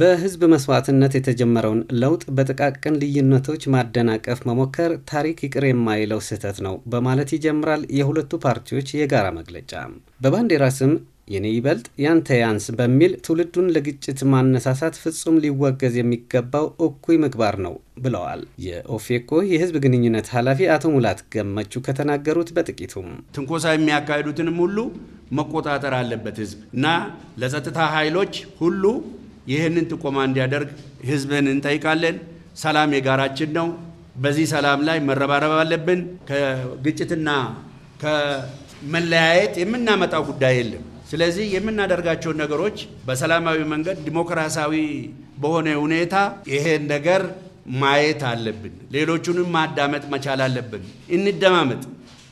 በህዝብ መስዋዕትነት የተጀመረውን ለውጥ በጥቃቅን ልዩነቶች ማደናቀፍ መሞከር ታሪክ ይቅር የማይለው ስህተት ነው በማለት ይጀምራል የሁለቱ ፓርቲዎች የጋራ መግለጫ። በባንዲራ ስም የኔ ይበልጥ ያንተ ያንስ በሚል ትውልዱን ለግጭት ማነሳሳት ፍጹም ሊወገዝ የሚገባው እኩይ ምግባር ነው ብለዋል የኦፌኮ የህዝብ ግንኙነት ኃላፊ አቶ ሙላት ገመቹ ከተናገሩት በጥቂቱም ትንኮሳ የሚያካሂዱትንም ሁሉ መቆጣጠር አለበት ህዝብ እና ለጸጥታ ኃይሎች ሁሉ ይህንን ጥቆማ እንዲያደርግ ህዝብን እንጠይቃለን። ሰላም የጋራችን ነው። በዚህ ሰላም ላይ መረባረብ አለብን። ከግጭትና ከመለያየት የምናመጣው ጉዳይ የለም። ስለዚህ የምናደርጋቸውን ነገሮች በሰላማዊ መንገድ ዲሞክራሲያዊ በሆነ ሁኔታ ይሄን ነገር ማየት አለብን። ሌሎቹንም ማዳመጥ መቻል አለብን። እንደማመጥ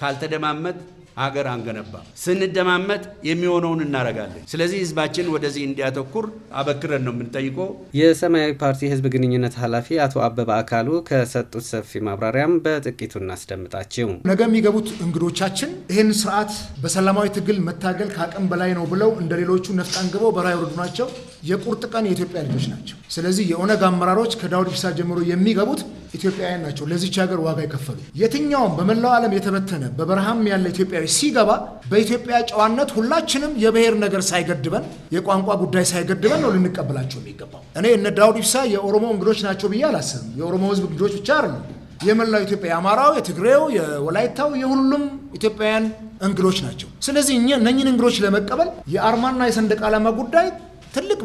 ካልተደማመጥ አገር አንገነባም። ስንደማመጥ የሚሆነውን እናረጋለን። ስለዚህ ህዝባችን ወደዚህ እንዲያተኩር አበክረን ነው የምንጠይቀው። የሰማያዊ ፓርቲ ህዝብ ግንኙነት ኃላፊ አቶ አበበ አካሉ ከሰጡት ሰፊ ማብራሪያም በጥቂቱ እናስደምጣችው። ነገ የሚገቡት እንግዶቻችን ይህን ስርዓት በሰላማዊ ትግል መታገል ከአቅም በላይ ነው ብለው እንደ ሌሎቹ ነፍጥ አንግበው በረሃ የወረዱ ናቸው። የቁርጥ ቀን የኢትዮጵያ ልጆች ናቸው። ስለዚህ የኦነግ አመራሮች ከዳውድ ኢብሳ ጀምሮ የሚገቡት ኢትዮጵያውያን ናቸው ለዚች ሀገር ዋጋ የከፈሉ። የትኛውም በመላው ዓለም የተበተነ በበረሃም ያለ ኢትዮጵያዊ ሲገባ በኢትዮጵያ ጨዋነት ሁላችንም የብሔር ነገር ሳይገድበን የቋንቋ ጉዳይ ሳይገድበን ነው ልንቀበላቸው የሚገባው። እኔ እነ ዳውድ ኢብሳ የኦሮሞ እንግዶች ናቸው ብዬ አላስብም። የኦሮሞ ሕዝብ እንግዶች ብቻ አይደለም። የመላው ኢትዮጵያ የአማራው፣ የትግሬው፣ የወላይታው የሁሉም ኢትዮጵያውያን እንግዶች ናቸው። ስለዚህ እኛ እነኝን እንግዶች ለመቀበል የአርማና የሰንደቅ ዓላማ ጉዳይ ትልቅ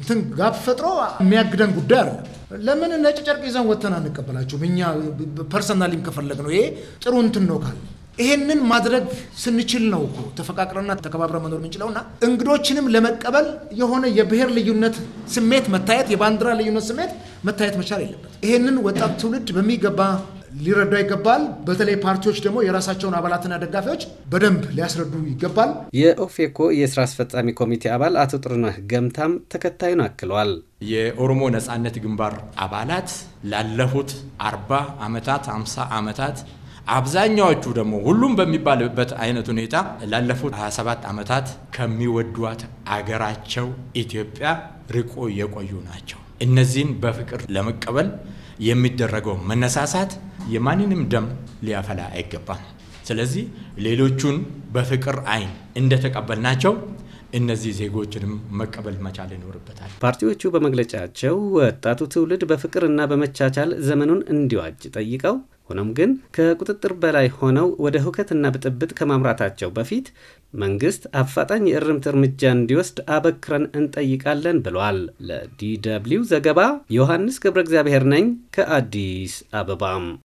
እንትን ጋብ ፈጥሮ የሚያግደን ጉዳይ አለ። ለምን ነጭ ጨርቅ ይዘን ወተን አንቀበላችሁም? እኛ ፐርሰናሊም ከፈለግ ነው ይሄ ጥሩ እንትን ነው ካለ ይሄንን ማድረግ ስንችል ነው እኮ ተፈቃቅረና ተከባብረ መኖር የምንችለው። እንግዶችንም ለመቀበል የሆነ የብሔር ልዩነት ስሜት መታየት፣ የባንዲራ ልዩነት ስሜት መታየት መቻል የለበት። ይሄንን ወጣት ትውልድ በሚገባ ሊረዳ ይገባል። በተለይ ፓርቲዎች ደግሞ የራሳቸውን አባላትና ደጋፊዎች በደንብ ሊያስረዱ ይገባል። የኦፌኮ የስራ አስፈጻሚ ኮሚቴ አባል አቶ ጥሩነህ ገምታም ተከታዩን አክለዋል። የኦሮሞ ነጻነት ግንባር አባላት ላለፉት አርባ ዓመታት አምሳ ዓመታት አብዛኛዎቹ ደግሞ ሁሉም በሚባልበት አይነት ሁኔታ ላለፉት 27 ዓመታት ከሚወዷት አገራቸው ኢትዮጵያ ርቆ የቆዩ ናቸው። እነዚህን በፍቅር ለመቀበል የሚደረገው መነሳሳት የማንንም ደም ሊያፈላ አይገባም። ስለዚህ ሌሎቹን በፍቅር አይን እንደተቀበልናቸው እነዚህ ዜጎችንም መቀበል መቻል ይኖርበታል። ፓርቲዎቹ በመግለጫቸው ወጣቱ ትውልድ በፍቅርና በመቻቻል ዘመኑን እንዲዋጅ ጠይቀው ሆኖም ግን ከቁጥጥር በላይ ሆነው ወደ ሁከትና ብጥብጥ ከማምራታቸው በፊት መንግስት አፋጣኝ የእርምት እርምጃ እንዲወስድ አበክረን እንጠይቃለን ብሏል። ለዲ ደብልዩ ዘገባ ዮሐንስ ገብረ እግዚአብሔር ነኝ ከአዲስ አበባም